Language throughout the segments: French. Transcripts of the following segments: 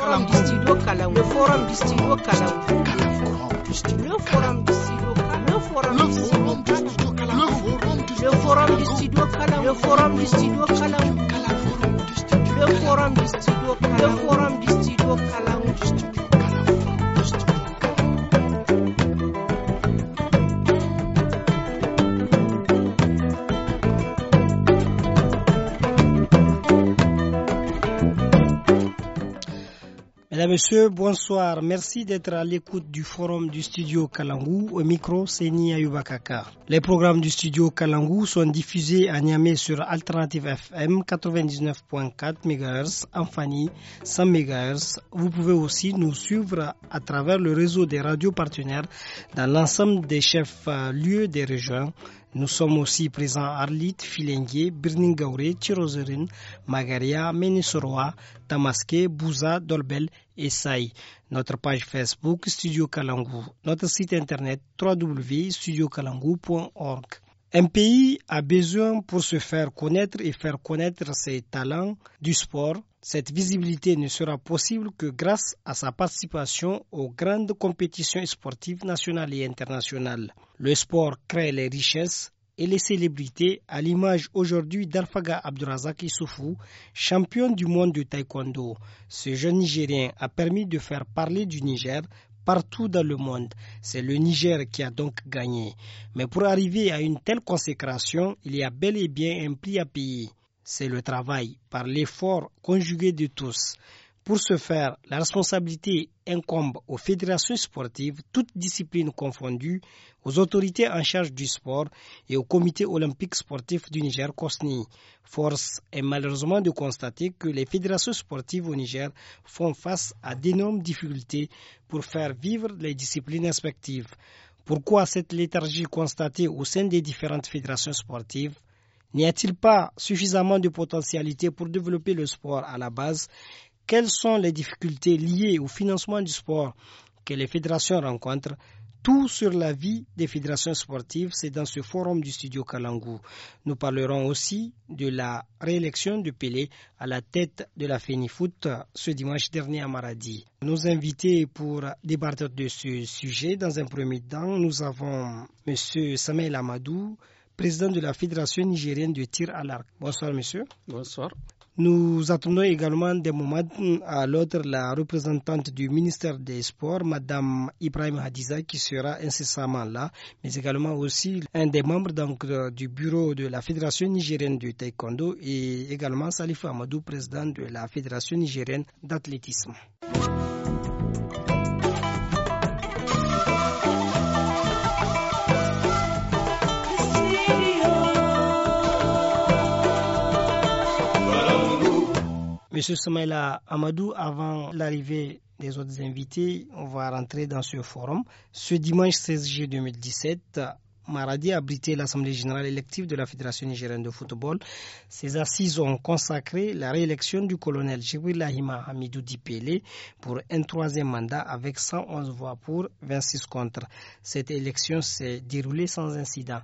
forum studio Le forum du studio Calam. forum studio forum studio forum studio forum studio forum studio forum studio Monsieur, bonsoir. Merci d'être à l'écoute du forum du studio Kalangou. Au micro, c'est Nia Les programmes du studio Kalangou sont diffusés à Niamey sur Alternative FM 99.4 MHz, en 100 MHz. Vous pouvez aussi nous suivre à travers le réseau des radios partenaires dans l'ensemble des chefs lieux des régions. Nous sommes aussi présents à Arlit, Filengue, Birningaure, Tirozerine, Magaria, Menisoroa, Tamaské, Bouza, Dolbel et Saï. Notre page Facebook Studio Kalangu. Notre site internet www.studiokalangu.org. Un pays a besoin pour se faire connaître et faire connaître ses talents du sport cette visibilité ne sera possible que grâce à sa participation aux grandes compétitions sportives nationales et internationales. Le sport crée les richesses et les célébrités, à l'image aujourd'hui d'Alfaga Abdurazak Issoufou, champion du monde de taekwondo. Ce jeune Nigérien a permis de faire parler du Niger partout dans le monde. C'est le Niger qui a donc gagné. Mais pour arriver à une telle consécration, il y a bel et bien un prix à payer c'est le travail, par l'effort conjugué de tous. Pour ce faire, la responsabilité incombe aux fédérations sportives, toutes disciplines confondues, aux autorités en charge du sport et au comité olympique sportif du Niger COSNI. Force est malheureusement de constater que les fédérations sportives au Niger font face à d'énormes difficultés pour faire vivre les disciplines respectives. Pourquoi cette léthargie constatée au sein des différentes fédérations sportives N'y a-t-il pas suffisamment de potentialité pour développer le sport à la base Quelles sont les difficultés liées au financement du sport que les fédérations rencontrent tout sur la vie des fédérations sportives, c'est dans ce forum du studio Kalangou. Nous parlerons aussi de la réélection de Pelé à la tête de la FENIFOOT ce dimanche dernier à Maradi. Nos invités pour débattre de ce sujet, dans un premier temps, nous avons M. Samuel Amadou, président de la Fédération nigérienne de tir à l'arc. Bonsoir, monsieur. Bonsoir. Nous attendons également des moments à l'autre la représentante du ministère des Sports, Madame Ibrahim Hadiza, qui sera incessamment là, mais également aussi un des membres donc, euh, du bureau de la Fédération nigérienne du taekwondo et également Salif Amadou, président de la Fédération nigérienne d'athlétisme. Monsieur Samaïla Amadou, avant l'arrivée des autres invités, on va rentrer dans ce forum. Ce dimanche 16 juillet 2017, Maradi a abrité l'Assemblée générale élective de la Fédération nigérienne de football. Ces assises ont consacré la réélection du colonel Lahima Hamidou Pélé pour un troisième mandat avec 111 voix pour, 26 contre. Cette élection s'est déroulée sans incident.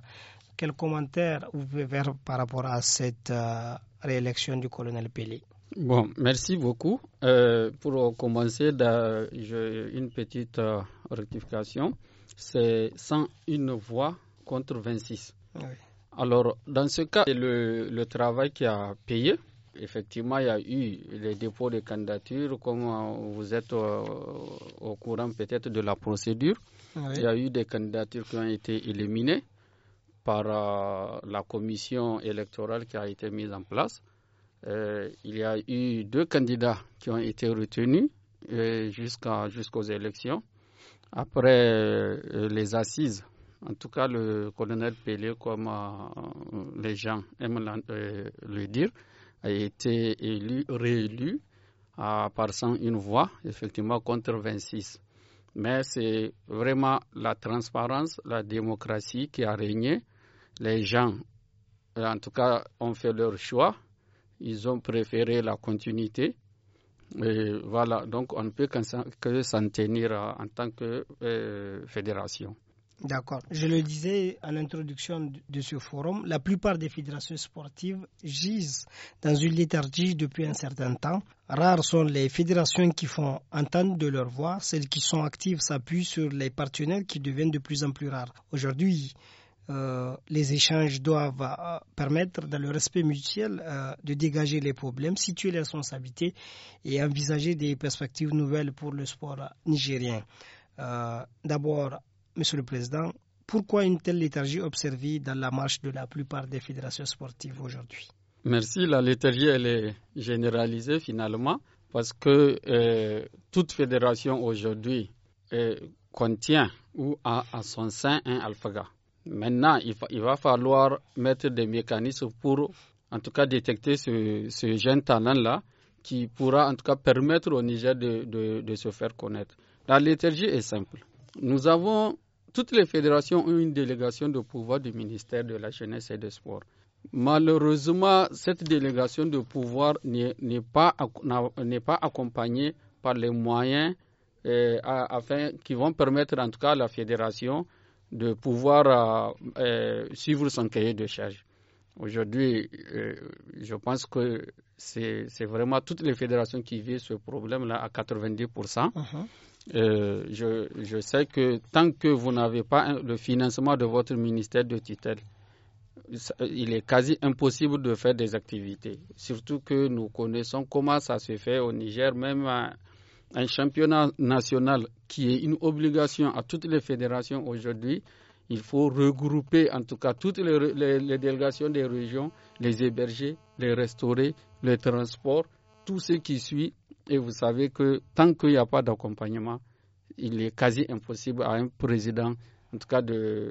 Quels commentaires vous pouvez faire par rapport à cette euh, réélection du colonel Pélé Bon, merci beaucoup. Euh, pour commencer, une petite euh, rectification. C'est 101 voix contre 26. Ah oui. Alors, dans ce cas, c'est le, travail qui a payé. Effectivement, il y a eu les dépôts de candidatures, comme euh, vous êtes au courant peut-être de la procédure. Ah il y a eu des candidatures qui ont été éliminées par la commission électorale qui a été mise en place. Euh, il y a eu deux candidats qui ont été retenus euh, jusqu'aux élections. Après euh, les assises, en tout cas le colonel Pelé, comme les gens aiment le dire, a été élu, réélu à, par une voix, effectivement, contre 26. Mais c'est vraiment la transparence, la démocratie qui a régné. Les gens, en tout cas, ont fait leur choix ils ont préféré la continuité. voilà, donc on ne peut que s'en tenir en tant que euh, fédération. D'accord. Je le disais en introduction de ce forum, la plupart des fédérations sportives gisent dans une léthargie depuis un certain temps. Rares sont les fédérations qui font entendre de leur voix. Celles qui sont actives s'appuient sur les partenaires qui deviennent de plus en plus rares. Aujourd'hui, euh, les échanges doivent euh, permettre, dans le respect mutuel, euh, de dégager les problèmes, situer les responsabilités et envisager des perspectives nouvelles pour le sport nigérien. D'abord, Monsieur le Président, pourquoi une telle léthargie observée dans la marche de la plupart des fédérations sportives aujourd'hui Merci. La léthargie, elle est généralisée finalement parce que toute fédération aujourd'hui contient ou a à son sein un alphaga. Maintenant, il, va falloir mettre des mécanismes pour, en tout cas, détecter ce, jeune talent-là qui pourra, en tout cas, permettre au Niger de, se faire connaître. La léthargie est simple. Nous avons, toutes les fédérations ont une délégation de pouvoir du ministère de la Jeunesse et des Sports. Malheureusement, cette délégation de pouvoir n'est pas, accompagnée par les moyens euh, qui vont permettre en tout cas à la fédération de pouvoir euh, euh, suivre son cahier de charge. Aujourd'hui, euh, je pense que c'est vraiment toutes les fédérations qui vivent ce problème-là à 90%. Mhm. je, sais que tant que vous n'avez pas le financement de votre ministère de tutelle, il est quasi impossible de faire des activités. Surtout que nous connaissons comment ça se fait au Niger, même hein, un championnat national qui est une obligation à toutes les fédérations aujourd'hui, il faut regrouper en tout cas toutes les, délégations des régions, les héberger, les restaurer, les transports, tout ce qui suit. Et vous savez que tant qu'il n'y a pas d'accompagnement, il est quasi impossible à un président, en tout cas, de,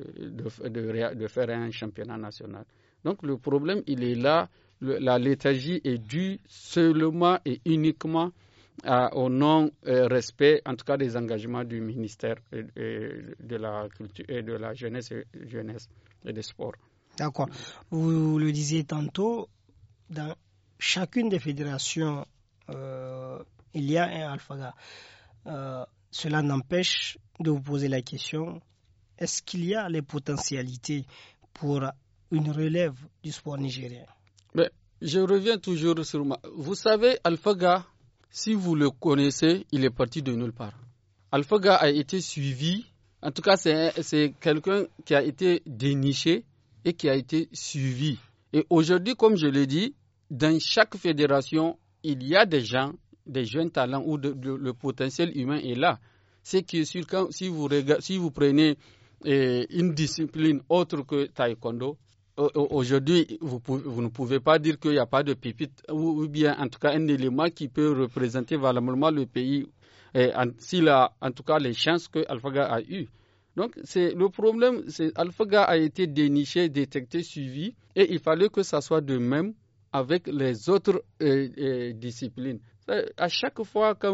faire un championnat national. Donc le problème, il est là. la léthargie est due seulement et uniquement au non-respect, euh, en tout cas, des engagements du ministère de la culture et de la jeunesse, et des sports. D'accord. Vous le disiez tantôt, dans chacune des fédérations, euh, il y a un alphaga. Euh, cela n'empêche de vous poser la question est-ce qu'il y a les potentialités pour une relève du sport nigérien Mais Je reviens toujours sur ma. Vous savez, alphaga si vous le connaissez, il est parti de nulle part. Alphaga a été suivi, en tout cas c'est quelqu'un qui a été déniché et qui a été suivi. Et aujourd'hui, comme je l'ai dit, dans chaque fédération, il y a des gens, des jeunes talents où le potentiel humain est là. C'est que si, vous si vous prenez eh, une discipline autre que taekwondo, Aujourd'hui, vous, ne pouvez pas dire qu'il n'y a pas de pépite, ou, bien en tout cas un élément qui peut représenter valablement le pays, s'il a en tout cas les chances que a eues. Donc, le problème, c'est AlphaGa a été déniché, détecté, suivi, et il fallait que ça soit de même avec les autres euh, euh, disciplines. Euh, à chaque fois, que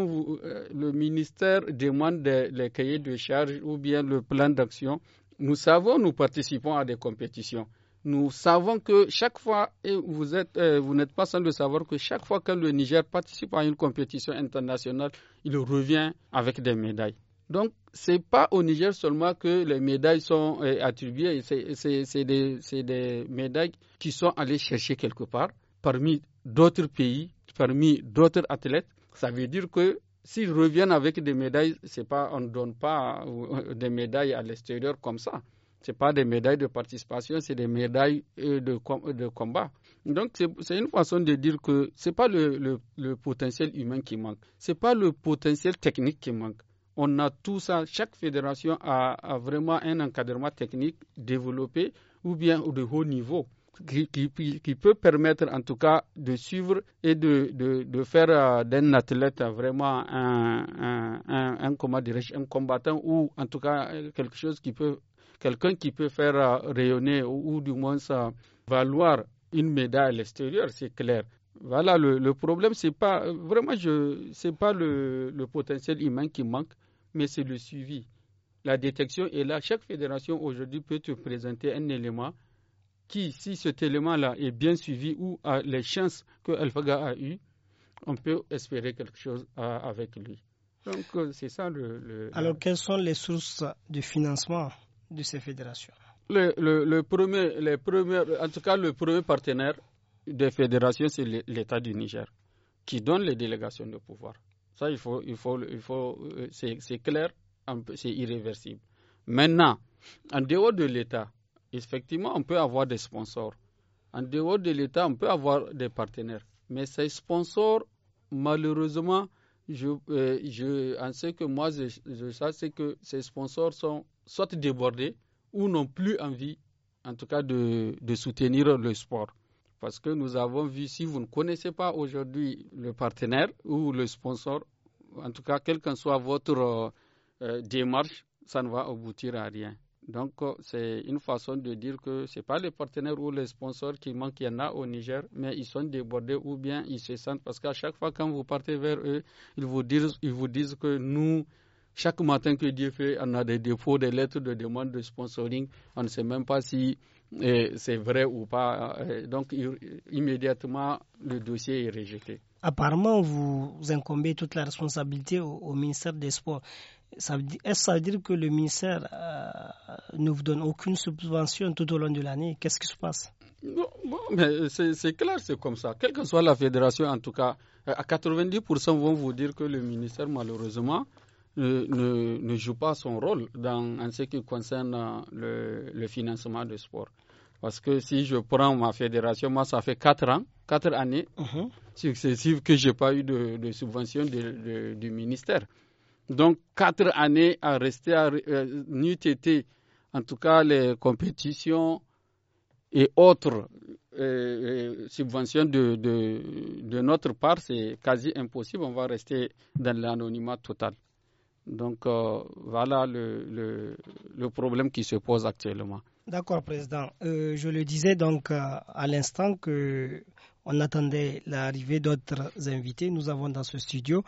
le ministère demande les cahiers de charges ou bien le plan d'action, nous savons, nous participons à des compétitions. Nous savons que chaque fois, et vous êtes, euh, vous n'êtes pas sans le savoir que chaque fois que le Niger participe à une compétition internationale, il revient avec des médailles. Donc, ce n'est pas au Niger seulement que les médailles sont euh, attribuées, c'est des, des médailles qui sont allées chercher quelque part parmi d'autres pays, parmi d'autres athlètes. Ça veut dire que s'ils reviennent avec des médailles, pas, on ne donne pas euh, des médailles à l'extérieur comme ça. Ce pas des médailles de participation, c'est des médailles euh, de, de combat. Donc, c'est une façon de dire que ce n'est pas le, potentiel humain qui manque, ce n'est pas le potentiel technique qui manque. On a tout ça, chaque fédération a, vraiment un encadrement technique développé ou bien de haut niveau. Qui, peut permettre en tout cas de suivre et de, faire euh, d'un athlète vraiment un, un combattant ou en tout cas quelque chose qui peut Quelqu'un qui peut faire euh, rayonner ou, du moins euh, valoir une médaille à l'extérieur, c'est clair. Voilà, le, problème, c'est pas euh, vraiment, je, pas le, potentiel humain qui manque, mais c'est le suivi. La détection et là. Chaque fédération aujourd'hui peut te présenter un élément qui, si cet élément-là est bien suivi ou a les chances que a eues, on peut espérer quelque chose avec lui. Donc, c'est ça le. Alors, quelles sont les sources de financement de ces fédérations le, premier, les premiers, en tout cas, le premier partenaire des fédérations, c'est l'État du Niger, qui donne les délégations de pouvoir. Ça, il faut, il faut, il faut, euh, c'est clair, c'est irréversible. Maintenant, en dehors de l'État, effectivement, on peut avoir des sponsors. En dehors de l'État, on peut avoir des partenaires. Mais ces sponsors, malheureusement, je, euh, je, en ce que moi, je, je sais, c'est que ces sponsors sont soit débordés ou n'ont plus envie, en tout cas, de, soutenir le sport. Parce que nous avons vu, si vous ne connaissez pas aujourd'hui le partenaire ou le sponsor, en tout cas, quelle que soit votre euh, euh, démarche, ça ne va aboutir à rien. Donc, euh, c'est une façon de dire que ce n'est pas les partenaires ou les sponsors qui manquent, il y en a au Niger, mais ils sont débordés ou bien ils se sentent, parce qu'à chaque fois quand vous partez vers eux, ils vous disent, ils vous disent que nous, chaque matin que Dieu fait, on a des défauts, des lettres de demande de sponsoring. On ne sait même pas si eh, c'est vrai ou pas. Eh, donc, immédiatement, le dossier est rejeté. Apparemment, vous incombez toute la responsabilité au, ministère des Sports. Est-ce que ça veut dire que le ministère euh, ne vous donne aucune subvention tout au long de l'année Qu'est-ce qui se passe Non, mais c'est clair, c'est comme ça. Quelle que soit la fédération, en tout cas, à 90% vont vous dire que le ministère, malheureusement, ne, ne, joue pas son rôle dans, en ce qui concerne euh, le, financement du sport. Parce que si je prends ma fédération, moi, ça fait 4 ans, 4 années mhm. successives que je n'ai pas eu de, subvention du ministère. Donc, 4 années à rester, à, euh, en tout cas, les compétitions et autres euh, subventions de notre part, c'est quasi impossible. On va rester dans l'anonymat total. Donc euh, voilà le, le, problème qui se pose actuellement. D'accord, Président. Euh, je le disais donc euh, à l'instant que on attendait l'arrivée d'autres invités. Nous avons dans ce studio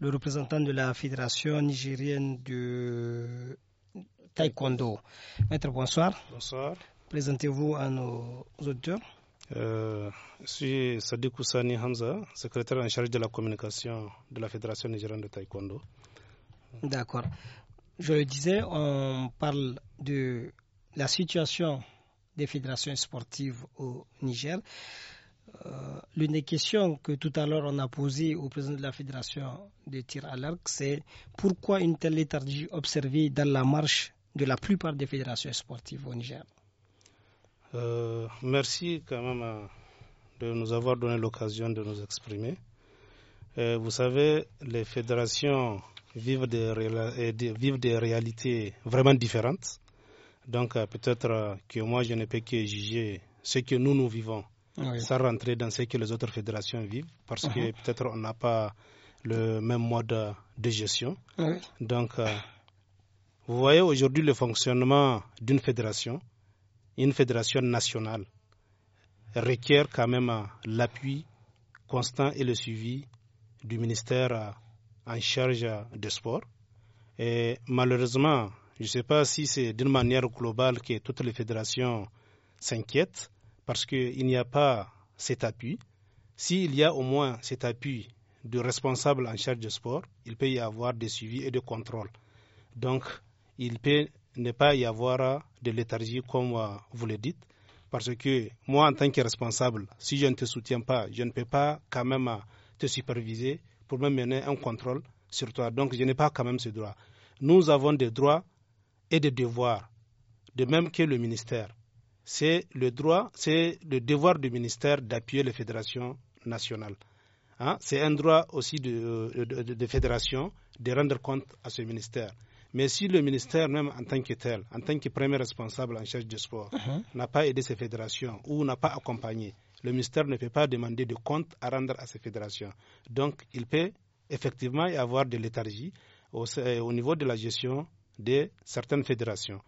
le représentant de la Fédération nigérienne de taekwondo. Maître, bonsoir. Bonsoir. Présentez-vous à nos auditeurs. je suis Sadiq Kousani Hamza, secrétaire en charge de la communication de la Fédération nigérienne de taekwondo. D'accord. Je le disais, on parle de la situation des fédérations sportives au Niger. Euh, l'une des questions que tout à l'heure on a posée au président de la fédération de tir à l'arc, c'est pourquoi une telle léthargie observée dans la marche de la plupart des fédérations sportives au Niger euh, Merci quand même euh, de nous avoir donné l'occasion de nous exprimer. vous savez, les fédérations vivent des, euh, des réalités vraiment différentes. Donc euh, peut-être euh, que moi, je ne peux que juger ce que nous, nous vivons, ah sans rentrer dans ce que les autres fédérations vivent, parce que uh-huh. peut-être on n'a pas le même mode de gestion. Ah Donc, vous voyez aujourd'hui le fonctionnement d'une fédération, une fédération nationale, requiert quand même l'appui constant et le suivi du ministère en charge de sport. Et malheureusement, je ne sais pas si c'est d'une manière globale que toutes les fédérations s'inquiètent parce qu'il n'y a pas cet appui. S'il y a au moins cet appui du responsable en charge de sport, il peut y avoir des suivis et des contrôles. Donc, il peut ne pas y avoir de léthargie comme vous le dites, parce que moi, en tant que responsable, si je ne te soutiens pas, je ne peux pas quand même te superviser, pour me mener un contrôle sur toi. Donc je n'ai pas quand même ce droit. Nous avons des droits et des devoirs, de même que le ministère. C'est le droit, c'est le devoir du ministère d'appuyer les fédérations nationales. Hein? C'est un droit aussi des euh, de, de, de fédérations de rendre compte à ce ministère. Mais si le ministère même en tant que tel, en tant que premier responsable en charge du sport, uh-huh. n'a pas aidé ces fédérations ou n'a pas accompagné, le ministère ne peut pas demander de compte à rendre à ces fédérations. Donc, il peut effectivement y avoir de léthargie au, euh, niveau de la gestion de certaines fédérations.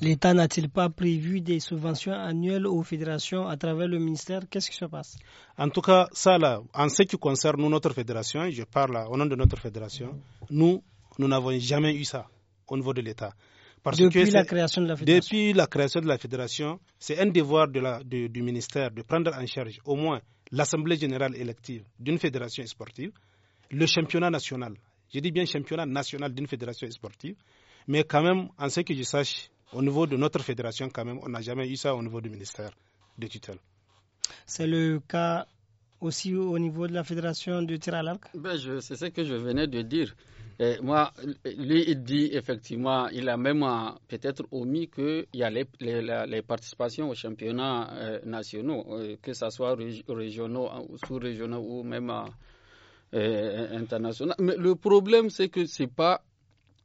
L'État n'a-t-il pas prévu des subventions annuelles aux fédérations à travers le ministère Qu'est-ce qui se passe En tout cas, ça là, en ce qui concerne notre fédération, je parle au nom de notre fédération, mm. nous, nous n'avons jamais eu ça au niveau de l'État depuis la création de la fédération. c'est un devoir du ministère de prendre en charge au moins l'assemblée générale élective d'une fédération sportive, le championnat national. Je dis bien championnat national d'une fédération sportive, mais quand même, en ce que je sache, au niveau de notre fédération, on n'a jamais eu ça au niveau du ministère de tutelle. C'est le cas aussi au niveau de la fédération de tir à l'arc ben, C'est ce que je venais de dire. Euh, moi, lui, il dit effectivement, il a même euh, peut-être omis qu'il y a les, participations aux championnats euh, nationaux, que ce soit régionaux, hein, sous-régionaux ou même internationaux. Mais le problème, c'est que c'est pas,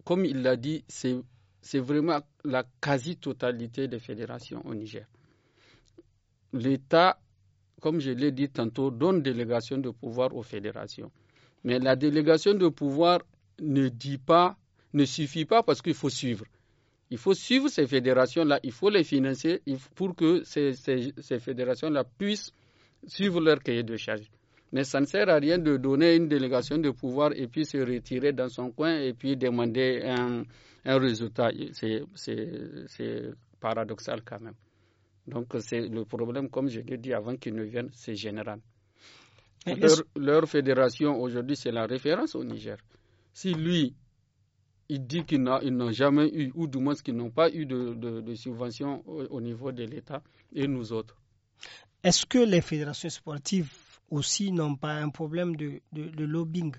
comme il l'a dit, c'est vraiment la quasi-totalité des fédérations au Niger. L'État, comme je l'ai dit tantôt, donne délégation de pouvoir aux fédérations. Mais la délégation de pouvoir ne dit pas, ne suffit pas parce qu'il faut suivre. Il faut suivre ces fédérations-là, il faut les financer pour que ces, fédérations-là puissent suivre leur cahier de charge. Mais ça ne sert à rien de donner une délégation de pouvoir et puis se retirer dans son coin et puis demander un, résultat. C'est paradoxal quand même. Donc c'est le problème, comme je l'ai dit avant qu'ils ne viennent, c'est général. leur fédération aujourd'hui, c'est la référence au Niger. Si lui, il dit qu'ils n'ont jamais eu, ou du moins qu'ils n'ont pas eu de, subvention au, niveau de l'État et nous autres. Est-ce que les fédérations sportives aussi n'ont pas un problème de, lobbying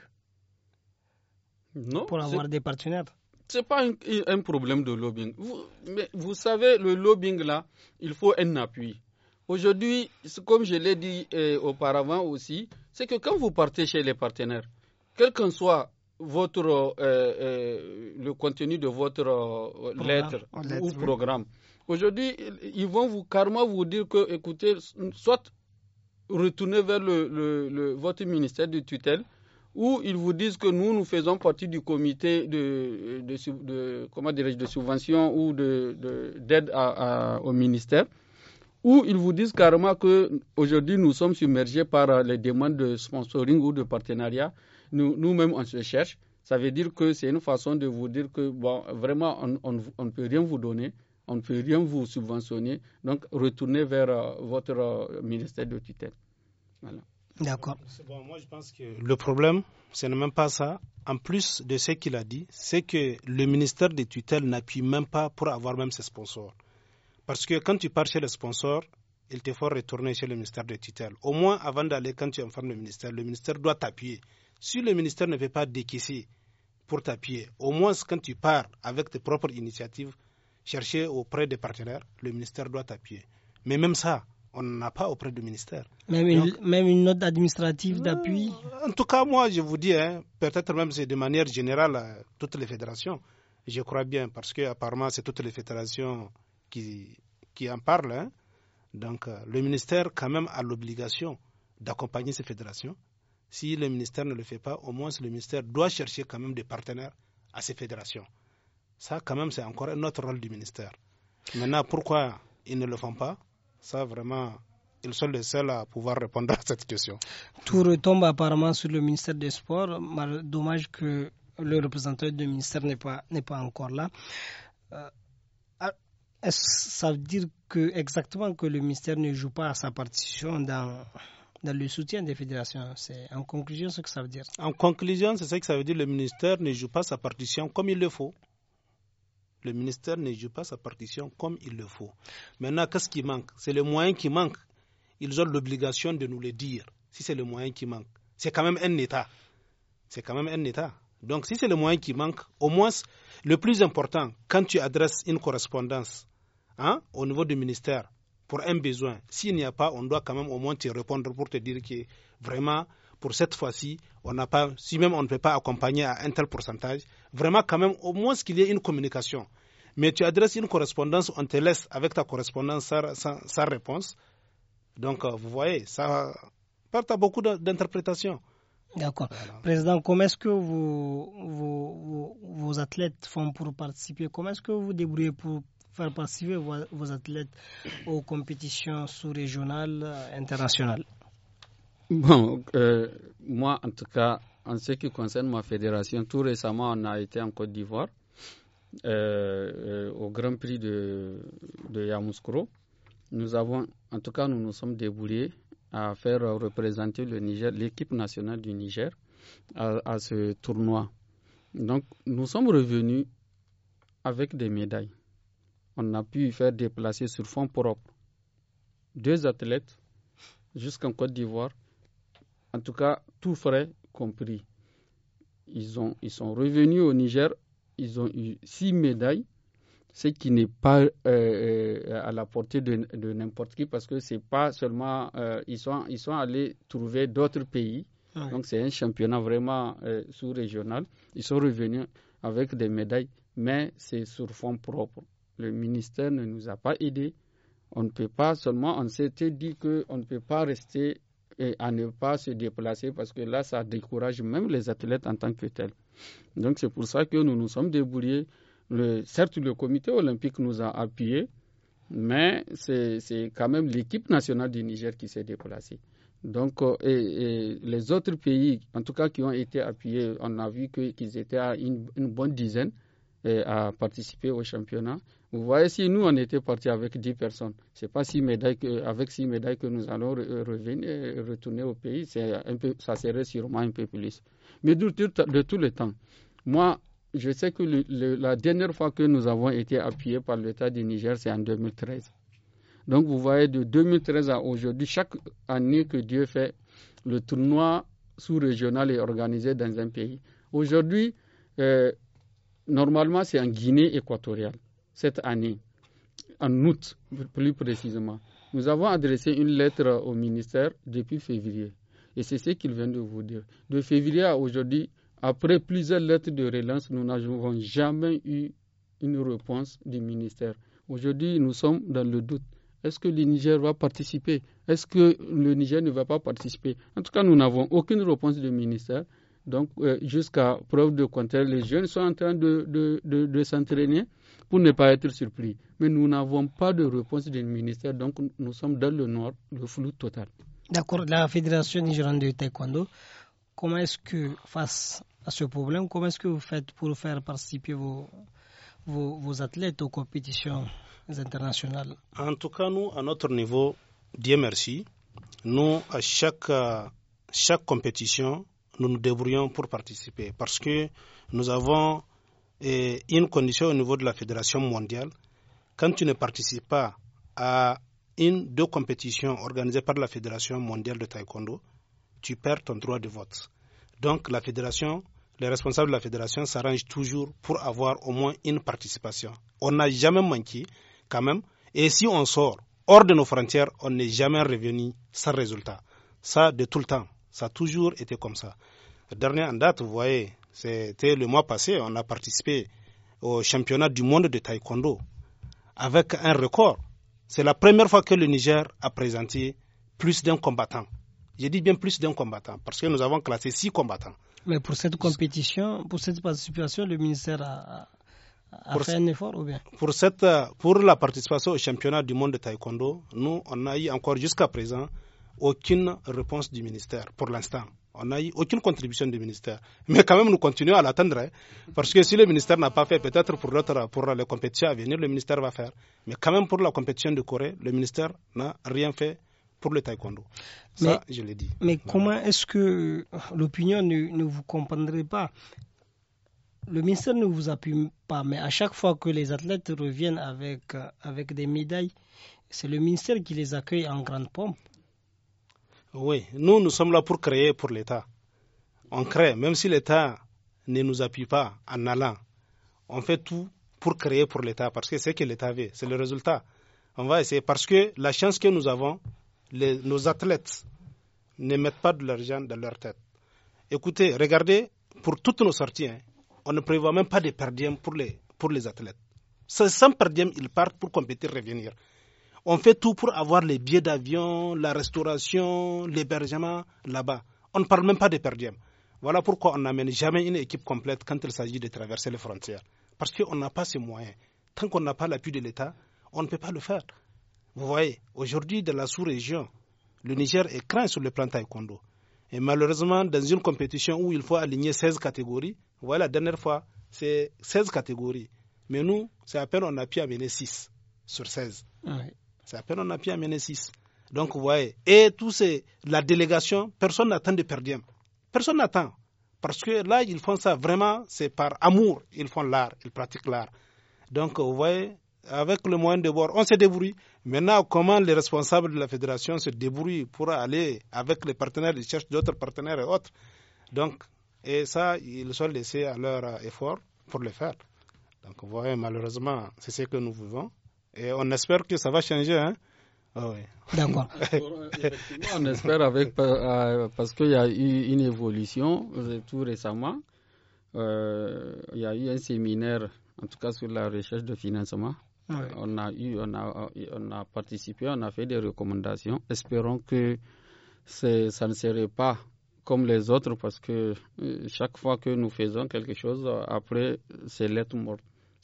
non, pour avoir des partenaires Ce n'est pas un, problème de lobbying. Vous, mais vous savez, le lobbying, là, il faut un appui. Aujourd'hui, comme je l'ai dit euh, auparavant aussi, c'est que quand vous partez chez les partenaires, quel qu'en soit votre, euh, euh, le contenu de votre euh, lettre, ou programme. Aujourd'hui, ils vont vous carrément vous dire que, écoutez, soit retournez vers le, votre ministère de tutelle, où ils vous disent que nous, nous faisons partie du comité de, de, de de subvention ou d'aide au ministère, Ou ils vous disent carrément que nous sommes submergés par les demandes de sponsoring ou de partenariat nous-mêmes, on se cherche. Ça veut dire que c'est une façon de vous dire que, vraiment, on ne peut rien vous donner, on ne peut rien vous subventionner. Donc, retournez vers euh, votre euh, ministère de tutelle. Voilà. D'accord. moi, je pense que le problème, ce n'est même pas ça. En plus de ce qu'il a dit, c'est que le ministère de tutelle n'appuie même pas pour avoir même ses sponsors. Parce que quand tu pars chez les sponsors, il te faut retourner chez le ministère de tutelle. Au moins, avant d'aller, quand tu informes le ministère, le ministère doit t'appuyer. Si le ministère ne veut pas décaisser pour t'appuyer, au moins quand tu pars avec tes propres initiatives, chercher auprès des partenaires, le ministère doit t'appuyer. Mais même ça, on n'en a pas auprès du ministère. Même, une, note administrative d'appui euh, En tout cas, moi, je vous dis, hein, peut-être même de manière générale, toutes les fédérations, je crois bien, parce que apparemment c'est toutes les fédérations qui, en parlent. Hein. Donc, euh, le ministère, quand même, a l'obligation d'accompagner ces fédérations, si le ministère ne le fait pas, au moins le ministère doit chercher quand même des partenaires à ces fédérations. Ça, quand même, c'est encore un autre rôle du ministère. Maintenant, pourquoi ils ne le font pas Ça, vraiment, ils sont les seuls à pouvoir répondre à cette question. Tout retombe apparemment sur le ministère des Sports. Dommage que le représentant du ministère n'est pas, n'est pas encore là. Euh, ah, est-ce, ça veut dire que, exactement que le ministère ne joue pas à sa partition dans dans le soutien des fédérations. C'est en conclusion ce que ça veut dire. En conclusion, c'est ce que ça veut dire. Le ministère ne joue pas sa partition comme il le faut. Le ministère ne joue pas sa partition comme il le faut. Maintenant, qu'est-ce qui manque C'est le moyen qui manque. Ils ont l'obligation de nous le dire, si c'est le moyen qui manque. C'est quand même un État. C'est quand même un État. Donc, si c'est le moyen qui manque, au moins, le plus important, quand tu adresses une correspondance hein, au niveau du ministère, pour un besoin. S'il n'y a pas, on doit quand même au moins te répondre pour te dire que vraiment, pour cette fois-ci, on n'a pas, si même on ne peut pas accompagner à un tel pourcentage, vraiment quand même au moins qu'il y ait une communication. Mais tu adresses une correspondance, on te laisse avec ta correspondance sa réponse. Donc, euh, vous voyez, ça part à beaucoup d'interprétations. D'accord. Président, comment est-ce que vos athlètes font pour participer Comment est-ce que vous débrouillez pour, faire participer vos, athlètes aux compétitions sous-régionales, euh, internationales euh, moi, en tout cas, en ce qui concerne ma fédération, tout récemment, on a été en Côte d'Ivoire euh, au Grand Prix de, de Yamoussoukro. Nous avons, en tout cas, nous nous sommes déboulés à faire représenter le Niger, l'équipe nationale du Niger à, à ce tournoi. Donc, nous sommes revenus avec des médailles on a pu faire déplacer sur fond propre deux athlètes jusqu'en Côte d'Ivoire, en tout cas tout frais compris. Ils, ont, ils sont revenus au Niger, ils ont eu six médailles, ce qui n'est pas euh, euh, à la portée de, n'importe qui parce que c'est pas seulement. Euh, ils, sont, ils sont allés trouver d'autres pays. Donc c'est un championnat vraiment sous-régional. Ils sont revenus avec des médailles, mais c'est sur fond propre. Le ministère ne nous a pas aidés. On ne peut pas seulement, on s'était dit qu'on ne peut pas rester et à ne pas se déplacer parce que là, ça décourage même les athlètes en tant que tels. Donc c'est pour ça que nous nous sommes débrouillés. certes, le comité olympique nous a appuyés, mais c'est quand même l'équipe nationale du Niger qui s'est déplacée. Donc, euh, les autres pays, en tout cas, qui ont été appuyés, on a vu qu'ils étaient à une, une bonne dizaine à participer au championnat. Vous voyez, si nous, on était partis avec 10 personnes, c'est pas avec 6 médailles que nous allons revenir, retourner au pays, ça serait sûrement un peu plus. Mais de, tout le temps, moi, je sais que la dernière fois que nous avons été appuyés par l'État du Niger, c'est en 2013. Donc vous voyez, de 2013 à aujourd'hui, chaque année que Dieu fait, le tournoi sous-régional est organisé dans un pays. Aujourd'hui, euh, normalement, c'est en Guinée équatoriale cette année, en août plus précisément, nous avons adressé une lettre au ministère depuis février. Et c'est ce qu'il vient de vous dire. De février à aujourd'hui, après plusieurs lettres de relance, nous n'avons jamais eu une réponse du ministère. Aujourd'hui, nous sommes dans le doute. Est-ce que le Niger va participer Est-ce que le Niger ne va pas participer En tout cas, nous n'avons aucune réponse du ministère. Donc, euh, jusqu'à preuve de contraire, les jeunes sont en train de s'entraîner pour ne pas être surpris. Mais nous n'avons pas de réponse du ministère, donc nous sommes dans le noir, le flou total. D'accord. La Fédération nigérienne de taekwondo, comment est-ce que, face à ce problème, comment est-ce que vous faites pour faire participer vos, vos, vos athlètes aux compétitions internationales En tout cas, nous, à notre niveau, Dieu merci, nous, à chaque, chaque compétition, nous nous débrouillons pour participer parce que nous avons et une condition au niveau de la Fédération mondiale, quand tu ne participes pas à une, deux compétitions organisées par la Fédération mondiale de taekwondo, tu perds ton droit de vote. Donc la fédération, les responsables de la fédération s'arrangent toujours pour avoir au moins une participation. On n'a jamais manqué quand même. Et si on sort hors de nos frontières, on n'est jamais revenu sans résultat. Ça, de tout le temps. Ça a toujours été comme ça. Dernier dernière en date, vous voyez, c'était le mois passé, on a participé au championnat du monde de taekwondo avec un record. C'est la première fois que le Niger a présenté plus d'un combattant. J'ai dit bien plus d'un combattant, parce que nous avons classé six combattants. Mais pour cette compétition, pour cette participation, le ministère a, fait un effort ou bien pour, cette, pour la participation au championnat du monde de taekwondo, nous, on n'a eu encore jusqu'à présent aucune réponse du ministère pour l'instant on n'a eu aucune contribution du ministère. Mais quand même, nous continuons à l'attendre. Hein. parce que si le ministère n'a pas fait, peut-être pour l'autre, pour les compétitions à venir, le ministère va faire. Mais quand même, pour la compétition de Corée, le ministère n'a rien fait pour le taekwondo. Ça, mais, je l'ai dit. Mais comment est-ce que euh, l'opinion ne, vous comprendrait pas le ministère ne vous appuie pas, mais à chaque fois que les athlètes reviennent avec euh, des médailles, c'est le ministère qui les accueille en grande pompe. Oui, nous, nous sommes là pour créer pour l'État. On crée, même si l'État ne nous appuie pas en allant. On fait tout pour créer pour l'État, parce que c'est ce que l'État veut, c'est le résultat. On va essayer, parce que la chance que nous avons, nos athlètes ne mettent pas de l'argent dans leur tête. Écoutez, regardez, pour toutes nos sorties, hein, on ne prévoit même pas de perdièmes pour les, pour les athlètes. Sans perdièmes, ils partent pour compétir, revenir. On fait tout pour avoir les billets d'avion, la restauration, l'hébergement là-bas. On ne parle même pas des perdièmes. Voilà pourquoi on n'amène jamais une équipe complète quand il s'agit de traverser les frontières. Parce qu'on n'a pas ces moyens. Tant qu'on n'a pas l'appui de l'État, on ne peut pas le faire. Vous voyez, aujourd'hui, dans la sous-région, le Niger est craint sur le plan taekwondo. Et malheureusement, dans une compétition où il faut aligner 16 catégories, voilà, la dernière fois, c'est 16 catégories. Mais nous, c'est à peine on a pu amener 6 sur 16. C'est à peine on a pu amener 6. Donc vous voyez, et tout c'est la délégation, personne n'attend de perdre. Personne n'attend. Parce que là, ils font ça vraiment, c'est par amour, ils font l'art, ils pratiquent l'art. Donc vous voyez, avec le moyen de voir, on se débrouille. Maintenant, comment les responsables de la fédération se débrouillent pour aller avec les partenaires, ils cherchent d'autres partenaires et autres. Donc, et ça, ils sont laissés à leur effort pour le faire. Donc, vous voyez, malheureusement, c'est ce que nous vivons. Et on espère que ça va changer. Hein ah D'accord. Euh, on espère euh, parce qu'il y a eu une évolution euh, tout récemment. il y a eu un séminaire, en tout cas sur la recherche de financement. Ah on a eu, on a, on a participé, on a fait des recommandations. Espérons que ça ne serait pas comme les autres parce que chaque fois que nous faisons quelque chose, après, c'est l'être mort.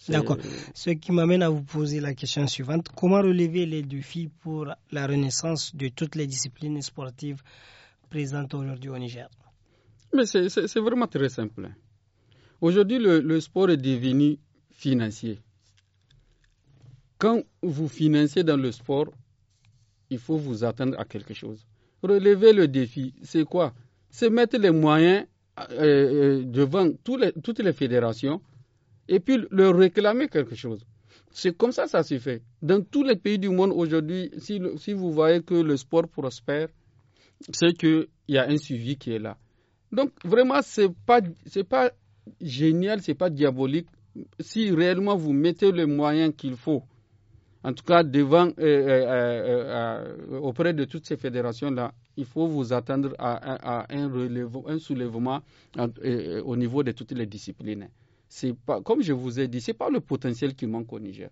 D'accord. Ce qui m'amène à vous poser la question suivante. Comment relever les défis pour la renaissance de toutes les disciplines sportives présentes aujourd'hui au Niger c'est vraiment très simple. Aujourd'hui, le, sport est devenu financier. Quand vous financez dans le sport, il faut vous attendre à quelque chose. Relever le défi, c'est quoi C'est mettre les moyens euh, euh, devant toutes les fédérations et puis leur réclamer quelque chose. C'est comme ça ça se fait. Dans tous les pays du monde aujourd'hui, si, vous voyez que le sport prospère, c'est qu'il y a un suivi qui est là. Donc vraiment, ce n'est pas, pas génial, ce n'est pas diabolique. Si réellement vous mettez les moyens qu'il faut, en tout cas devant, euh, euh, euh, auprès de toutes ces fédérations-là, il faut vous attendre à, un, soulèvement au niveau de toutes les disciplines comme je vous ai dit, c'est pas le potentiel qui manque au Niger.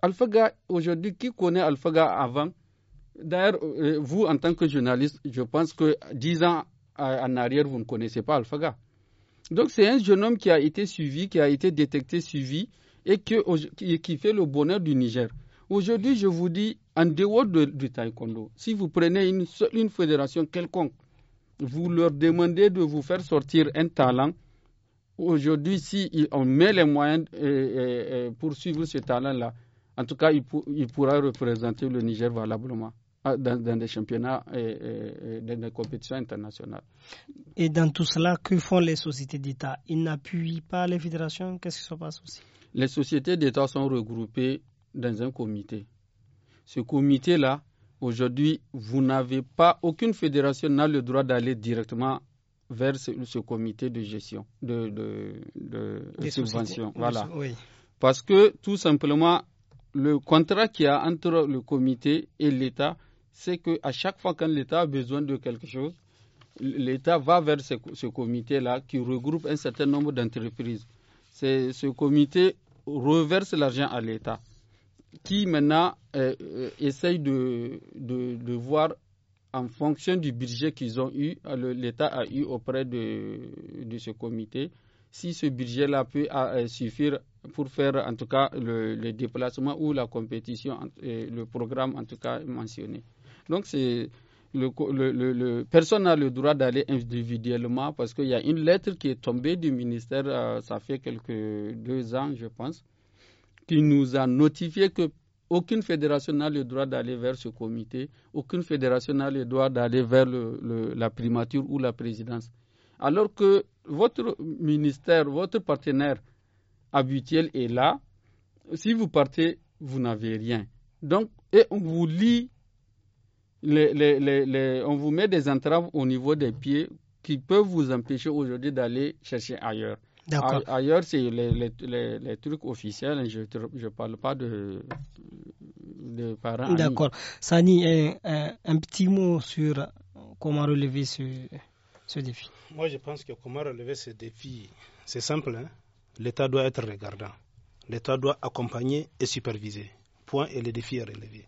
AlphaGa, aujourd'hui, qui connaît AlphaGa avant D'ailleurs, euh, vous, en tant que journaliste, je pense que dix ans euh, en arrière, vous ne connaissez pas AlphaGa. Donc, c'est un jeune homme qui a été suivi, qui a été détecté, suivi, et qui fait le bonheur du Niger. Aujourd'hui, je vous dis, en dehors du taekwondo, si vous prenez une, une fédération quelconque, vous leur demandez de vous faire sortir un talent Aujourd'hui, si on met les moyens euh, euh, euh, pour suivre ce talent-là, en tout cas, il, pourra représenter le Niger valablement ah, dans, des championnats et, dans des compétitions internationales. Et dans tout cela, que font les sociétés d'État Ils n'appuient pas les fédérations Qu'est-ce qui se passe aussi Les sociétés d'État sont regroupées dans un comité. Ce comité-là, aujourd'hui, vous n'avez pas, aucune fédération n'a le droit d'aller directement vers ce, comité de gestion, de, subvention. Voilà. Parce que tout simplement, le contrat qu'il y a entre le comité et l'État, c'est qu'à chaque fois quand l'État a besoin de quelque chose, l'État va vers ce, comité-là qui regroupe un certain nombre d'entreprises. Ce comité reverse l'argent à l'État qui maintenant euh, euh, essaye de, de, de, voir en fonction du budget qu'ils ont eu, euh, l'État a eu auprès de, de ce comité, si ce budget-là peut euh, suffire pour faire en tout cas le, déplacement ou la compétition, euh, le programme en tout cas mentionné. Donc c'est le, le, le, personne n'a le droit d'aller individuellement parce qu'il y a une lettre qui est tombée du ministère, ça fait quelques deux ans je pense, qui nous a notifié que aucune fédération n'a le droit d'aller vers ce comité, aucune fédération n'a le droit d'aller vers la primature ou la présidence. Alors que votre ministère, votre partenaire habituel est là, si vous partez, vous n'avez rien. Donc, on vous lit on vous met des entraves au niveau des pieds qui peuvent vous empêcher aujourd'hui d'aller chercher ailleurs. Ailleurs, c'est les, les, trucs officiels. Hein, je ne parle pas de, parents. D'accord. Sani, un, petit mot sur comment relever ce, défi. Moi, je pense que comment relever ce défi, c'est simple. Hein? L'État doit être regardant. L'État doit accompagner et superviser. Point et le défi est relevé.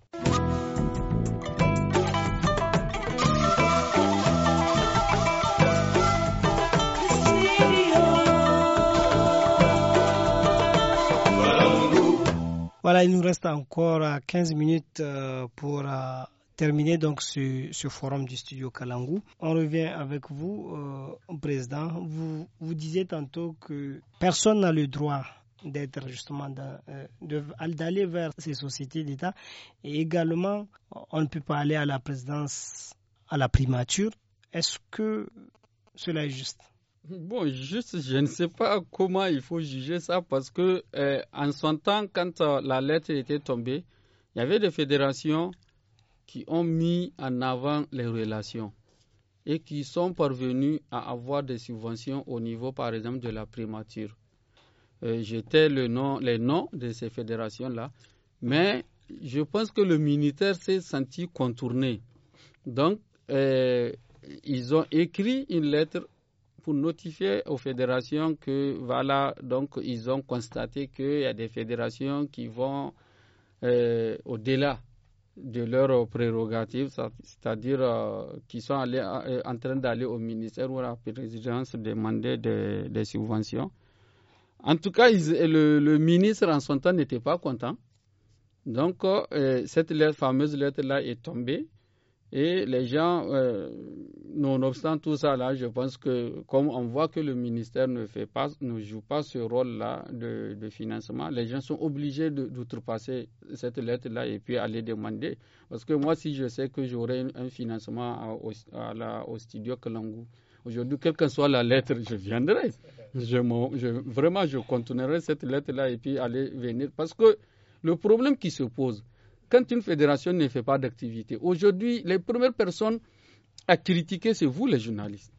Voilà, il nous reste encore 15 euh, minutes euh, pour euh, terminer donc ce, forum du studio Kalangu. On revient avec vous, Président. Vous, vous disiez tantôt que personne n'a le droit d'être justement d'aller vers ces sociétés d'État. Et également, on ne peut pas aller à la présidence, à la primature. Est-ce que cela est juste Bon, juste, je ne sais pas comment il faut juger ça parce que euh, en son temps, quand euh, la lettre était tombée, il y avait des fédérations qui ont mis en avant les relations et qui sont parvenues à avoir des subventions au niveau, par exemple, de la primature. Euh, j'étais le nom, les noms de ces fédérations-là, mais je pense que le ministère s'est senti contourné. Donc, ils ont écrit une lettre pour notifier aux fédérations que voilà, donc ils ont constaté qu'il y a des fédérations qui vont euh, au-delà de leurs prérogatives, c'est-à-dire euh, qui sont allés, euh, en train d'aller au ministère ou à la présidence demander des, subventions. En tout cas, le, ministre en son temps n'était pas content. Donc, cette fameuse lettre-là est tombée et les gens, euh, nonobstant tout ça, là, je pense que comme on voit que le ministère ne, fait pas, ne joue pas ce rôle-là de, financement, les gens sont obligés d'outrepasser cette lettre-là et puis aller demander. Parce que moi, si je sais que j'aurai un financement à, au studio Kalangu, aujourd'hui, quelle que soit la lettre, je viendrai. vraiment, je contournerai cette lettre-là et puis aller venir. Parce que le problème qui se pose, quand une fédération ne fait pas d'activité, aujourd'hui, les premières personnes à critiquer, c'est vous les journalistes.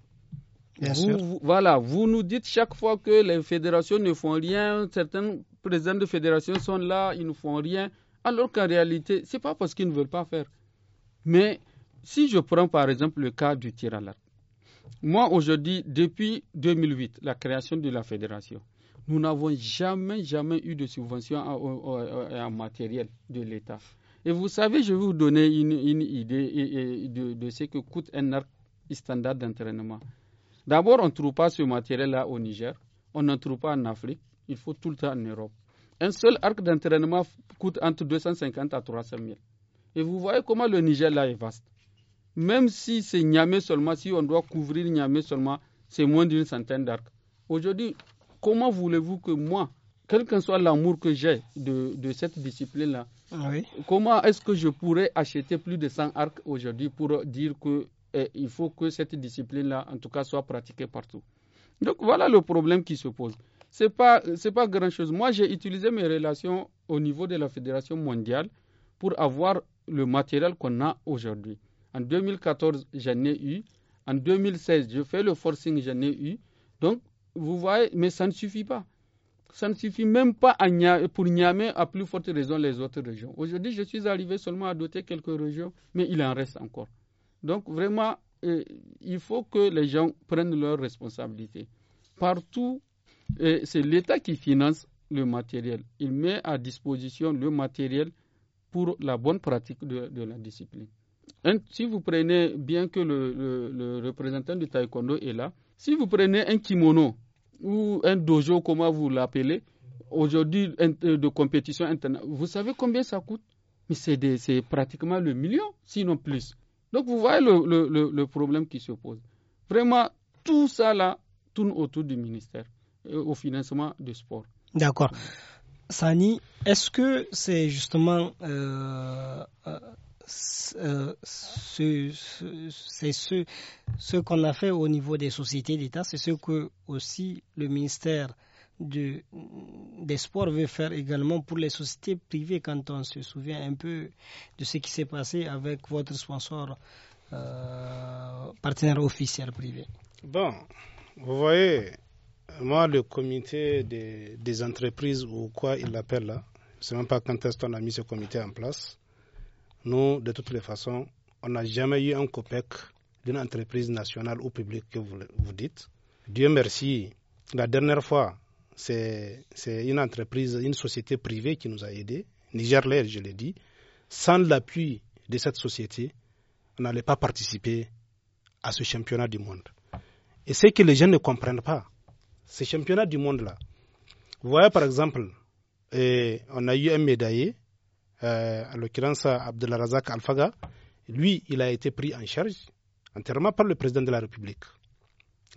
Bien sûr. voilà, vous nous dites chaque fois que les fédérations ne font rien, certains présidents de fédérations sont là, ils ne font rien, alors qu'en réalité, ce n'est pas parce qu'ils ne veulent pas faire. Mais si je prends par exemple le cas du tir à l'arc, moi aujourd'hui, depuis 2008, la création de la fédération, nous n'avons jamais, jamais eu de subvention en matériel de l'État. Et vous savez, je vais vous donner une, idée de, ce que coûte un arc standard d'entraînement. D'abord, on ne trouve pas ce matériel-là au Niger, on n'en trouve pas en Afrique, il faut tout le temps en Europe. Un seul arc d'entraînement coûte entre 250 à 300 000. Et vous voyez comment le Niger là est vaste. Même si c'est Niamey seulement, si on doit couvrir Niamey seulement, c'est moins d'une centaine d'arcs. Aujourd'hui, comment voulez-vous que moi, quel que soit l'amour que j'ai de, cette discipline-là, ah comment est-ce que je pourrais acheter plus de 100 arcs aujourd'hui pour dire qu'il eh, faut que cette discipline-là, en tout cas, soit pratiquée partout Donc voilà le problème qui se pose. Ce n'est pas, pas grand-chose. Moi, j'ai utilisé mes relations au niveau de la Fédération mondiale pour avoir le matériel qu'on a aujourd'hui. En 2014, j'en ai eu. En 2016, je fais le forcing, j'en ai eu. Donc, vous voyez, mais ça ne suffit pas ça ne suffit même pas à pour Niamey, à plus forte raison les autres régions. Aujourd'hui, je suis arrivé seulement à doter quelques régions, mais il en reste encore. Donc vraiment, euh, il faut que les gens prennent leurs responsabilités. Partout, euh, c'est l'État qui finance le matériel. Il met à disposition le matériel pour la bonne pratique de, la discipline. si vous prenez, bien que le, le représentant du taekwondo est là, si vous prenez un kimono ou un dojo, comment vous l'appelez, aujourd'hui euh, de compétition internationale, vous savez combien ça coûte Mais c'est pratiquement le million, sinon plus. Donc vous voyez le, problème qui se pose. Vraiment, tout ça là tourne autour du ministère, euh, au financement du sport. D'accord. Sani, est-ce que c'est justement euh, c'est ce, qu'on a fait au niveau des sociétés d'État, c'est ce que aussi le ministère de, des sports veut faire également pour les sociétés privées quand on se souvient un peu de ce qui s'est passé avec votre sponsor euh, partenaire officiel privé. Bon, vous voyez, moi, le comité des, des entreprises ou quoi il l'appelle là, je ne sais même pas quand est-ce qu'on a mis ce comité en place. Nous, de toutes les façons, on n'a jamais eu un COPEC d'une entreprise nationale ou publique que vous, vous dites. Dieu merci, la dernière fois, c'est une entreprise, une société privée qui nous a aidés, Niger je l'ai dit. Sans l'appui de cette société, on n'allait pas participer à ce championnat du monde. Et c'est que les gens ne comprennent pas. Ce championnat du monde-là. Vous voyez, par exemple, eh, on a eu un médaillé euh, en l'occurrence Al Alfaga, lui, il a été pris en charge entièrement par le président de la République.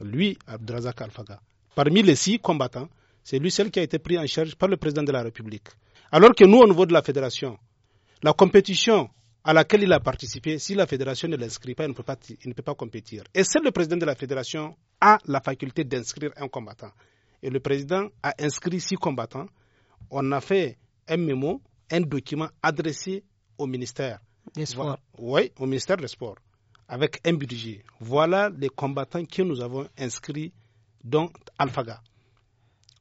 Lui, Al Alfaga. Parmi les six combattants, c'est lui seul qui a été pris en charge par le président de la République. Alors que nous, au niveau de la fédération, la compétition à laquelle il a participé, si la fédération ne l'inscrit pas, il ne, peut pas, compétir. Et seul le président de la fédération a la faculté d'inscrire un combattant. Et le président a inscrit six combattants. On a fait un mémo un document adressé au ministère. Des Oui, au ministère des Sports, avec un budget. Voilà les combattants que nous avons inscrits dans Alphaga.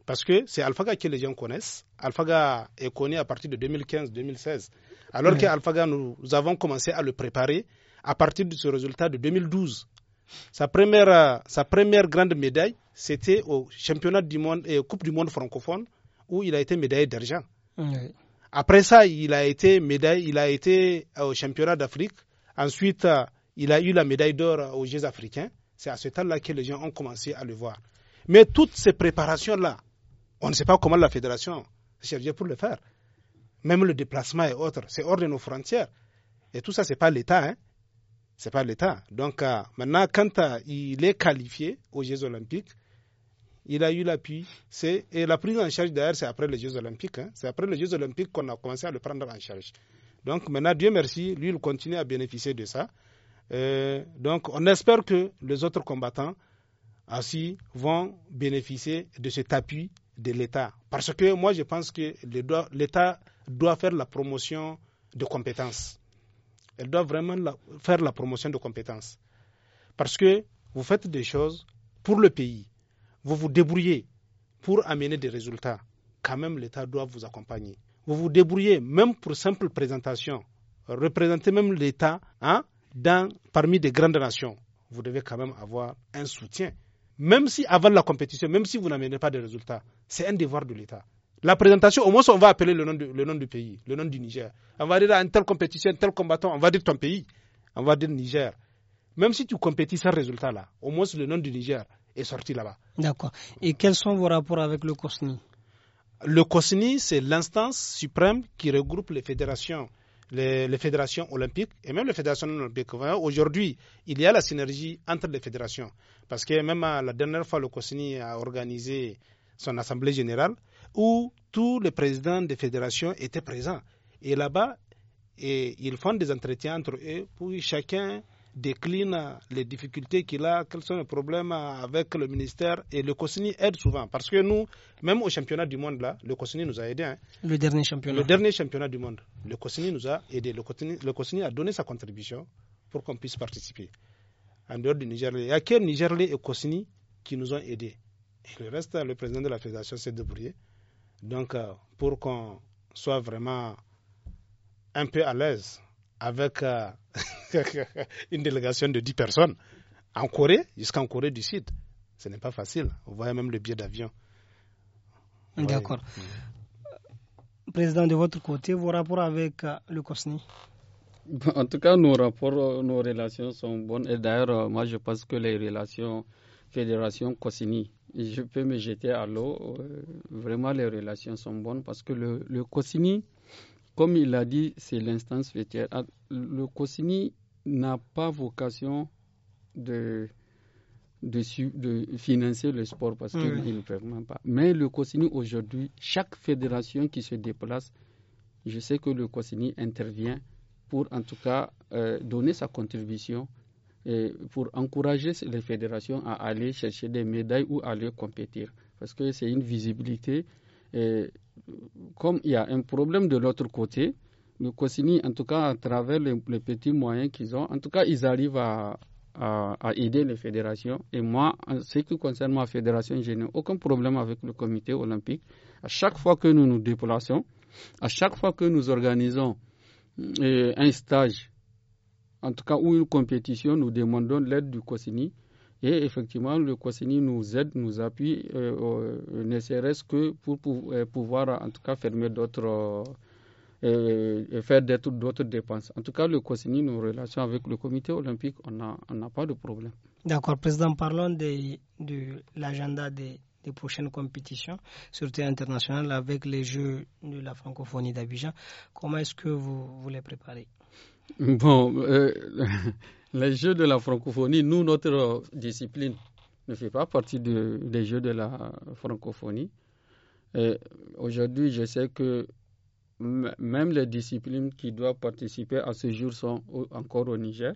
Parce que c'est Alphaga que les gens connaissent. Alphaga est connu à partir de 2015-2016. Alors qu'Alphaga, nous avons commencé à le préparer à partir de ce résultat de 2012. Sa première, sa première grande médaille, c'était au championnat du monde, et euh, Coupe du monde francophone, où il a été médaillé d'argent. Après ça, il a été médaille, il a été euh, au championnat d'Afrique. Ensuite, euh, il a eu la médaille d'or euh, aux Jeux africains. C'est à ce temps-là que les gens ont commencé à le voir. Mais toutes ces préparations-là, on ne sait pas comment la fédération s'est pour le faire. Même le déplacement et autres, c'est hors de nos frontières. Et tout ça, c'est pas l'État, hein c'est pas l'État. Donc maintenant, quand il est qualifié aux Jeux Olympiques, il a eu l'appui. C'est, et la prise en charge, d'ailleurs, c'est après les Jeux Olympiques. Hein. C'est après les Jeux Olympiques qu'on a commencé à le prendre en charge. Donc maintenant, Dieu merci, lui, il continue à bénéficier de ça. Euh, donc on espère que les autres combattants ainsi vont bénéficier de cet appui de l'État. Parce que moi, je pense que l'État doit faire la promotion de compétences. Elle doit vraiment faire la promotion de compétences. Parce que vous faites des choses pour le pays vous vous débrouillez pour amener des résultats, quand même l'État doit vous accompagner. Vous vous débrouillez même pour simple présentation, représenter même l'État hein, parmi des grandes nations. Vous devez quand même avoir un soutien. Même si avant la compétition, même si vous n'amenez pas de résultats, c'est un devoir de l'État. La présentation, au moins, on va appeler le nom, du pays, le nom du Niger. On va dire à ah, une telle compétition, un tel combattant, on va dire ton pays, on va dire Niger. Même si tu compétis sans résultat là, au moins le nom du Niger, est sorti là-bas. D'accord. Et quels sont vos rapports avec le COSNI Le COSNI, c'est l'instance suprême qui regroupe les fédérations. Les, fédérations olympiques et même les fédérations non olympiques. Aujourd'hui, il y a la synergie entre les fédérations. Parce que même la dernière fois, le COSNI a organisé son assemblée générale où tous les présidents des fédérations étaient présents. Et là-bas, ils font des entretiens entre eux pour chacun décline les difficultés qu'il a, quels sont les problèmes avec le ministère. Et le COSINI aide souvent. Parce que nous, même au championnat du monde, là, le COSINI nous a aidés. Hein. Le dernier championnat. Le dernier championnat du monde. Le COSINI nous a aidés. Le COSINI, a donné sa contribution pour qu'on puisse participer. En dehors du Niger, Il n'y a que Nigerlais et COSINI qui nous ont aidés. le reste, le président de la fédération s'est débrouillé. Donc, euh, pour qu'on soit vraiment un peu à l'aise avec euh, une délégation de 10 personnes en Corée, jusqu'en Corée du Sud. Ce n'est pas facile. Vous voyez même le billet d'avion. Mm, d'accord. Mm. Président, de votre côté, vos rapports avec euh, le COSNI En tout cas, nos rapports, euh, nos relations sont bonnes. Et d'ailleurs, moi, je pense que les relations fédération-COSNI, je peux me jeter à l'eau. Vraiment, les relations sont bonnes parce que le, le COSNI, comme il l'a dit, c'est l'instance fêtière. Ah, le COSINI n'a pas vocation de, financer le sport parce qu'il ne permet pas. Mais le COSINI aujourd'hui, chaque fédération qui se déplace, je sais que le COSINI intervient pour en tout cas euh, donner sa contribution et pour encourager les fédérations à aller chercher des médailles ou à aller compétir. Parce que c'est une visibilité et comme il y a un problème de l'autre côté, le Cossini, en tout cas, à travers les, petits moyens qu'ils ont, en tout cas, ils arrivent à, aider les fédérations. Et moi, en ce qui concerne ma fédération, je n'ai aucun problème avec le comité olympique. À chaque fois que nous nous déplaçons, à chaque fois que nous organisons euh, un stage, en tout cas, ou une compétition, nous demandons l'aide du Cossini et effectivement, le COSENI nous aide, nous appuie, euh, euh, ne serait-ce que pour, euh, pouvoir en tout cas fermer d'autres. faire d'autres dépenses. En tout cas, le COSINI, nos relations avec le comité olympique, on n'a pas de problème. D'accord, Président, parlons de, l'agenda des, prochaines compétitions, surtout internationales, avec les Jeux de la francophonie d'Abidjan. Comment est-ce que vous, voulez les préparez Bon, les jeux de la francophonie, nous, notre discipline ne fait pas partie des jeux de la francophonie. Aujourd'hui, je sais que même les disciplines qui doivent participer à ce jour sont encore au Niger.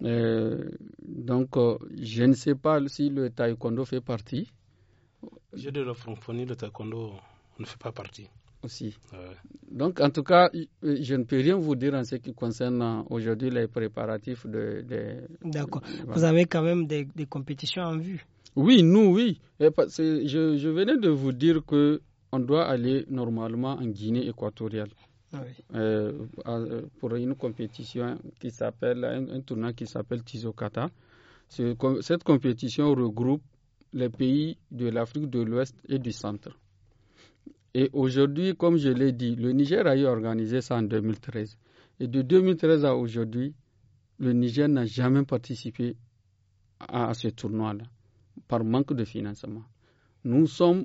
donc, euh, je ne sais pas si le taekwondo fait partie. Jeux de la francophonie, le taekwondo ne fait pas partie aussi. Donc, en tout cas, je ne peux rien vous dire en ce qui concerne aujourd'hui les préparatifs de. D'accord. Vous avez quand même des, compétitions en vue. Oui, nous, oui. je, venais de vous dire que on doit aller normalement en Guinée équatoriale. Ah euh, pour une compétition qui s'appelle, un, un, tournoi qui s'appelle Tizokata. Cette compétition regroupe les pays de l'Afrique de l'Ouest et du Centre. Et aujourd'hui, comme je l'ai dit, le Niger a eu organisé ça en 2013. Et de 2013 à aujourd'hui, le Niger n'a jamais participé à, ce tournoi-là, par manque de financement. Nous sommes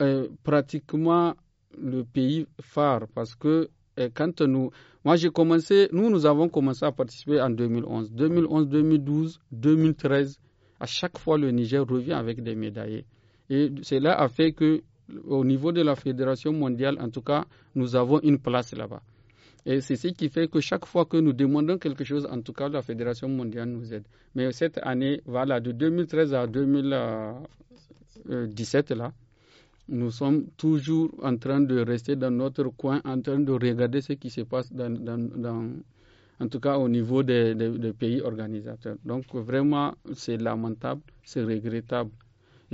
euh, pratiquement le pays phare parce que euh, quand nous. Moi, j'ai commencé, nous, nous avons commencé à participer en 2011. 2011, 2012, 2013, à chaque fois, le Niger revient avec des médaillés. Et cela a fait que au niveau de la Fédération mondiale, en tout cas, nous avons une place là-bas. Et c'est ce qui fait que chaque fois que nous demandons quelque chose, en tout cas, la Fédération mondiale nous aide. Mais cette année, voilà, de 2013 à 2017, là, nous sommes toujours en train de rester dans notre coin, en train de regarder ce qui se passe, dans, en tout cas au niveau des pays organisateurs. Donc vraiment, c'est lamentable, c'est regrettable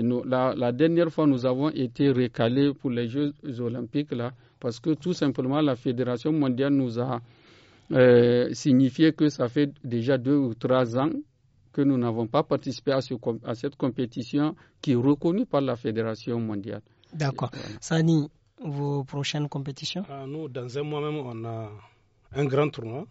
la, dernière fois, nous avons été recalés pour les Jeux olympiques, là, parce que tout simplement, la Fédération mondiale nous a euh, signifié que ça fait déjà deux ou trois ans que nous n'avons pas participé à, à, cette compétition qui est reconnue par la Fédération mondiale. D'accord. Sani, vos prochaines compétitions ah, Nous, dans un mois même, on a un grand tournoi,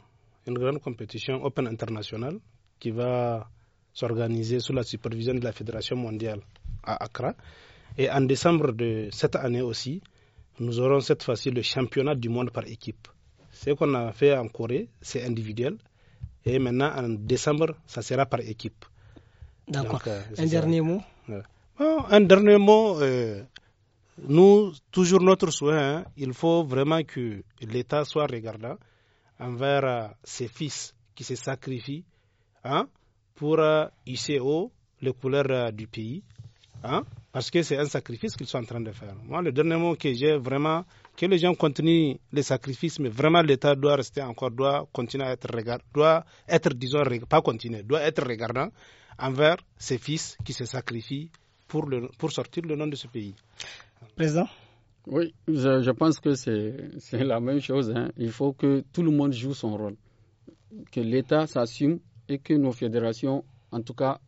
une grande compétition Open internationale qui va s'organiser sous la supervision de la Fédération mondiale à Accra. Et en décembre de cette année aussi, nous aurons cette fois-ci le championnat du monde par équipe. Ce qu'on a fait en Corée, c'est individuel. Et maintenant, en décembre, ça sera par équipe. D'accord. Euh, un, dernier mot Un dernier mot, nous, toujours notre souhait, hein, il faut vraiment que l'État soit regardant envers euh, ses fils qui se sacrifient hein, pour euh, ICO, les couleurs du pays, Hein? Parce que c'est un sacrifice qu'ils sont en train de faire. Moi, le dernier mot que j'ai vraiment, que les gens continuent les sacrifices, mais vraiment l'État doit rester encore, doit continuer à être regard, doit être, disons, pas continuer, doit être regardant envers ses fils qui se sacrifient pour, pour sortir le nom de ce pays. Président Oui, je, pense que c'est la même chose. Hein. Il faut que tout le monde joue son rôle, que l'État s'assume et que nos fédérations, en tout cas,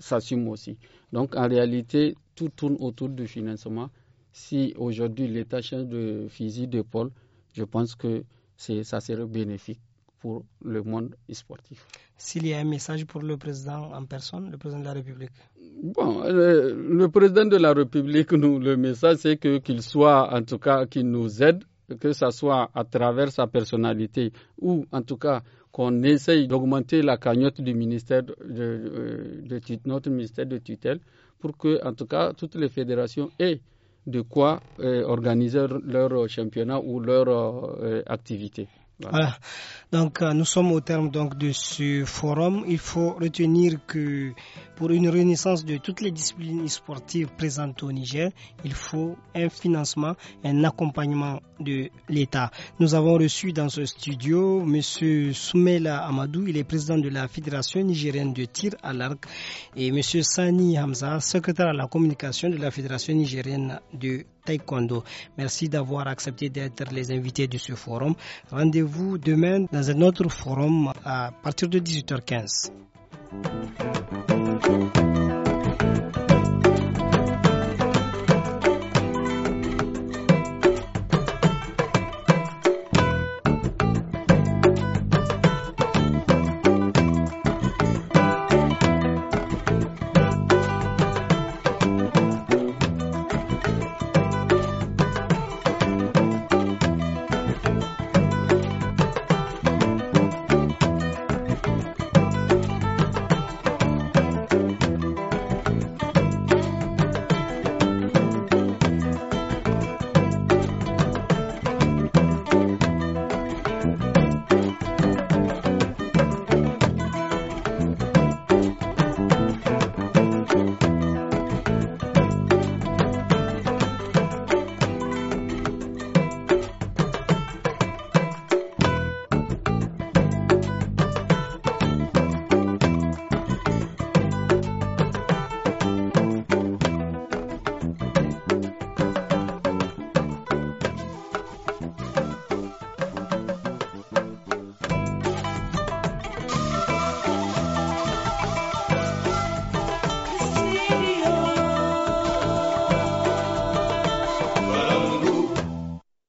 s'assume euh, aussi. Donc en réalité, tout tourne autour du financement. Si aujourd'hui l'État change de physique de pôle, je pense que ça serait bénéfique pour le monde sportif. S'il y a un message pour le président en personne, le président de la République Bon, euh, le, président de la République, nous, le message, c'est qu'il soit, en tout cas, qu'il nous aide, que ce soit à travers sa personnalité ou, en tout cas, qu'on essaye d'augmenter la cagnotte du ministère de, euh, notre ministère de tutelle pour que, en tout cas, toutes les fédérations aient de quoi euh, organiser leur championnat ou leur euh, activité. Voilà. Donc, euh, nous sommes au terme donc de ce forum. Il faut retenir que pour une renaissance de toutes les disciplines sportives présentes au Niger, il faut un financement, un accompagnement de l'État. Nous avons reçu dans ce studio M. Soumela Amadou, il est président de la Fédération nigérienne de tir à l'arc, et M. Sani Hamza, secrétaire à la communication de la Fédération nigérienne de taekwondo. Merci d'avoir accepté d'être les invités de ce forum. Rendez-vous vous demain dans un autre forum à partir de 18h15.